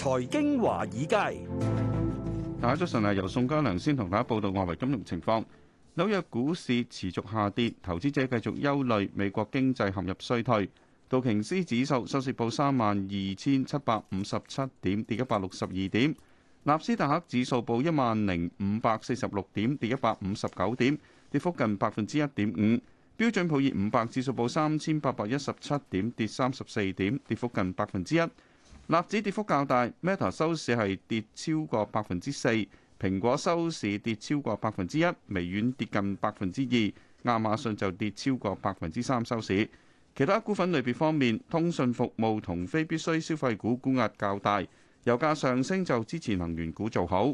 財經華爾街，大家早晨啊！由宋家良先同大家報道外圍金融情況。紐約股市持續下跌，投資者繼續憂慮美國經濟陷入衰退。道瓊斯指數收市報三萬二千七百五十七點，跌一百六十二點；納斯達克指數報一萬零五百四十六點，跌一百五十九點，跌幅近百分之一點五。標準普爾五百指數報三千八百一十七點，跌三十四點，跌幅近百分之一。納指跌幅較大，Meta 收市係跌超過百分之四，蘋果收市跌超過百分之一，微軟跌近百分之二，亞馬遜就跌超過百分之三收市。其他股份類別方面，通訊服務同非必需消費股沽壓較大，油價上升就支持能源股做好。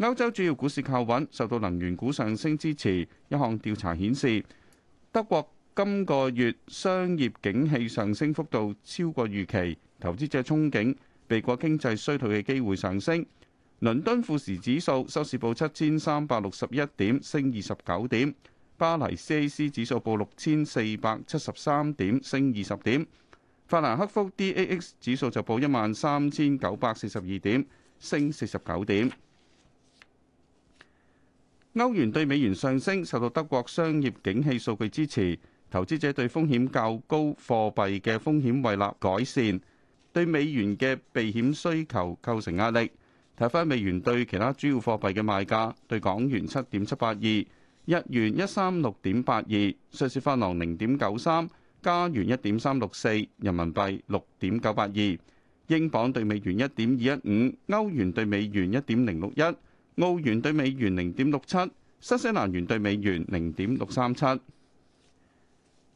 歐洲主要股市靠穩，受到能源股上升支持。一項調查顯示，德國今個月商業景氣上升幅度超過預期。投資者憧憬美國經濟衰退嘅機會上升。倫敦富時指數收市報七千三百六十一點，升二十九點；巴黎 CAC 指數報六千四百七十三點，升二十點；法蘭克福 DAX 指數就報一萬三千九百四十二點，升四十九點。歐元對美元上升，受到德國商業景氣數據支持，投資者對風險較高貨幣嘅風險胃納改善。對美元嘅避險需求構成壓力。睇返美元對其他主要貨幣嘅賣價：對港元七點七八二，日元一三六點八二，瑞士法郎零點九三，加元一點三六四，人民幣六點九八二，英鎊對美元一點二一五，歐元對美元一點零六一，澳元對美元零點六七，新西蘭元對美元零點六三七。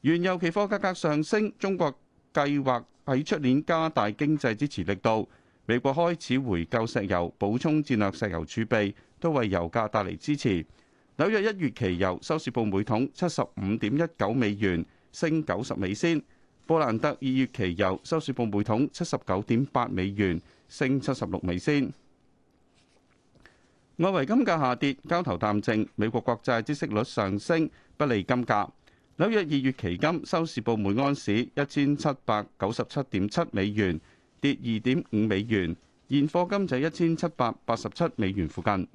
原油期貨價格上升，中國計劃喺出年加大經濟支持力度。美國開始回購石油，補充戰略石油儲備，都為油價帶嚟支持。紐約一月期油收市報每桶七十五點一九美元，升九十美仙。布蘭特二月期油收市報每桶七十九點八美元，升七十六美仙。外圍金價下跌，交投淡靜。美國國債孳息率上升，不利金價。紐約二月期金收市報每安士一千七百九十七點七美元，跌二點五美元。現貨金就一千七百八十七美元附近。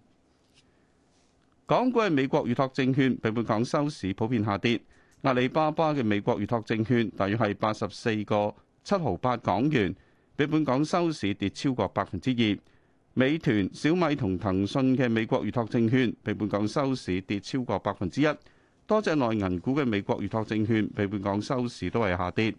港股嘅美國預託證券，比本港收市普遍下跌。阿里巴巴嘅美國預託證券大約係八十四個七毫八港元，比本港收市跌超過百分之二。美團、小米同騰訊嘅美國預託證券，比本港收市跌超過百分之一。多隻內銀股嘅美國預託證券，被本港收市都係下跌。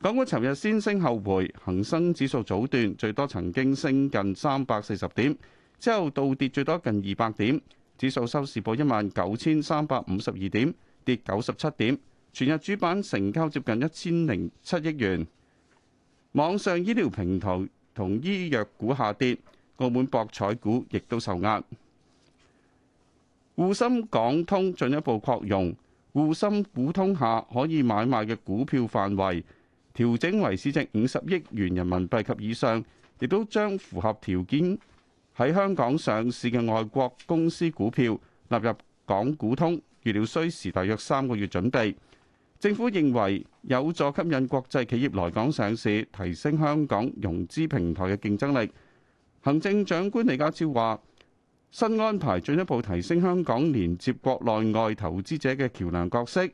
港股尋日先升後回，恒生指數早段最多曾經升近三百四十點，之後倒跌最多近二百點，指數收市報一萬九千三百五十二點，跌九十七點。全日主板成交接近一千零七億元。網上醫療平台同醫藥股下跌，澳門博彩股亦都受壓。滬深港通進一步擴容，滬深股通下可以買賣嘅股票範圍調整為市值五十億元人民幣及以上，亦都將符合條件喺香港上市嘅外國公司股票納入港股通。預料需時大約三個月準備。政府認為有助吸引國際企業來港上市，提升香港融資平台嘅競爭力。行政長官李家超話。新安排進一步提升香港連接國內外投資者嘅橋梁角色，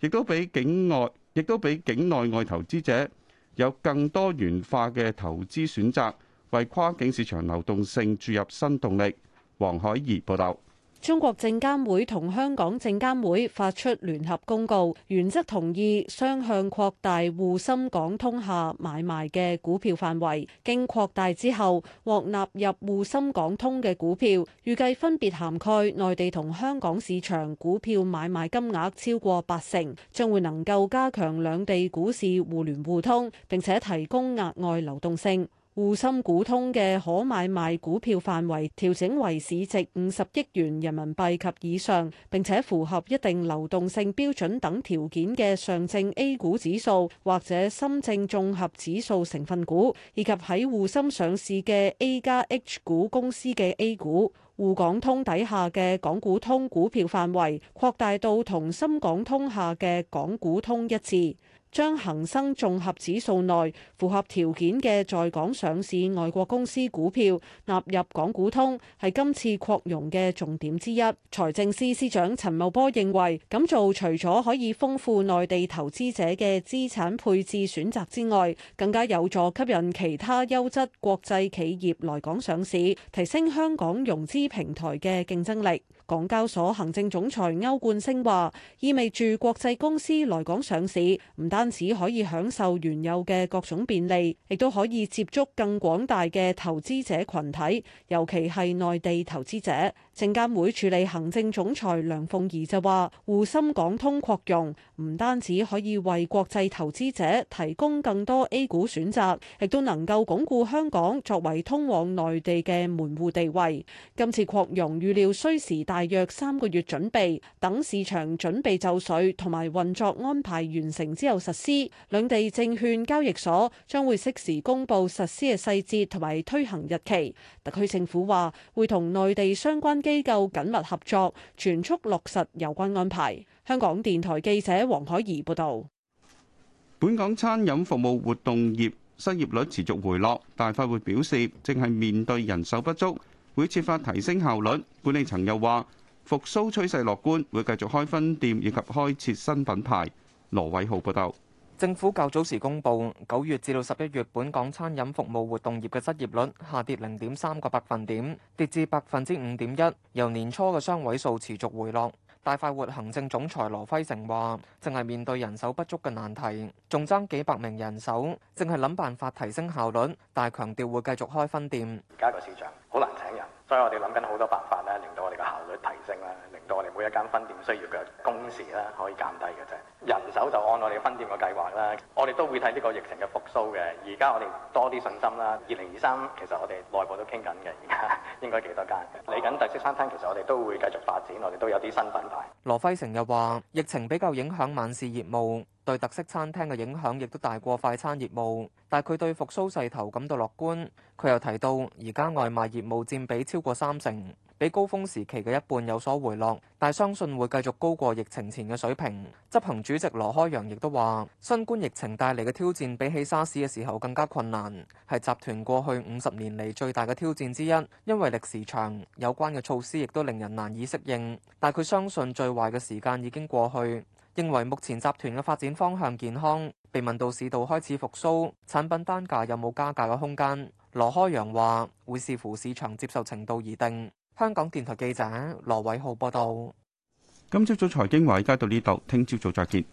亦都俾境外，亦都俾境內外投資者有更多元化嘅投資選擇，為跨境市場流動性注入新動力。黃海怡報道。中國證監會同香港證監會發出聯合公告，原則同意雙向擴大滬深港通下買賣嘅股票範圍。經擴大之後，獲納入滬深港通嘅股票，預計分別涵蓋內地同香港市場股票買賣金額超過八成，將會能夠加強兩地股市互聯互通，並且提供額外流動性。滬深股通嘅可買賣股票範圍調整為市值五十億元人民幣及以上，並且符合一定流動性標準等條件嘅上證 A 股指數或者深證綜合指數成分股，以及喺滬深上市嘅 A 加 H 股公司嘅 A 股，滬港通底下嘅港股通股票範圍擴大到同深港通下嘅港股通一致。將恒生綜合指數內符合條件嘅在港上市外國公司股票納入港股通，係今次擴容嘅重點之一。財政司司長陳茂波認為，咁做除咗可以豐富內地投資者嘅資產配置選擇之外，更加有助吸引其他優質國際企業來港上市，提升香港融資平台嘅競爭力。港交所行政總裁歐冠升話，意味住國際公司來港上市，唔單止可以享受原有嘅各種便利，亦都可以接觸更廣大嘅投資者群體，尤其係內地投資者。證監會助理行政總裁梁鳳儀就話滬深港通擴容唔單止可以為國際投資者提供更多 A 股選擇，亦都能夠鞏固香港作為通往內地嘅門戶地位。今次擴容預料需時大約三個月準備，等市場準備就緒同埋運作安排完成之後實施。兩地證券交易所將會適時公布實施嘅細節同埋推行日期。特區政府話會同內地相關。機構緊密合作，全速落實有關安排。香港電台記者黃海怡報道。本港餐飲服務活動業失業率持續回落，大快活表示正係面對人手不足，會設法提升效率。管理層又話復蘇趨勢樂觀，會繼續開分店以及開設新品牌。羅偉浩報道。政府較早時公布，九月至到十一月，本港餐飲服務活動業嘅失業率下跌零點三個百分點，跌至百分之五點一，由年初嘅雙位數持續回落。大快活行政總裁羅輝成話，淨係面對人手不足嘅難題，仲爭幾百名人手，淨係諗辦法提升效率。大強調會繼續開分店。而家個市場好難請人，所以我哋諗緊好多辦法咧，令到我哋嘅效率提升咧。每一間分店需要嘅工時咧，可以減低嘅啫。人手就按我哋分店嘅計劃啦。我哋都會睇呢個疫情嘅復甦嘅。而家我哋多啲信心啦。二零二三其實我哋內部都傾緊嘅，而家應該幾多間。嚟緊特色餐廳，其實我哋都會繼續發展。我哋都有啲新品牌。羅輝成又話：疫情比較影響晚市業務，對特色餐廳嘅影響亦都大過快餐業務。但係佢對復甦勢頭感到樂觀。佢又提到，而家外賣業務佔比超過三成。比高峰時期嘅一半有所回落，但相信會繼續高過疫情前嘅水平。執行主席羅開陽亦都話新冠疫情帶嚟嘅挑戰比起沙士嘅時候更加困難，係集團過去五十年嚟最大嘅挑戰之一。因為歷時長有關嘅措施亦都令人難以適應，但佢相信最壞嘅時間已經過去，認為目前集團嘅發展方向健康。被問到市道開始復甦產品單價有冇加價嘅空間，羅開陽話會視乎市場接受程度而定。香港電台記者羅偉浩報道。今朝早財經華爾街到呢度，聽朝早再見。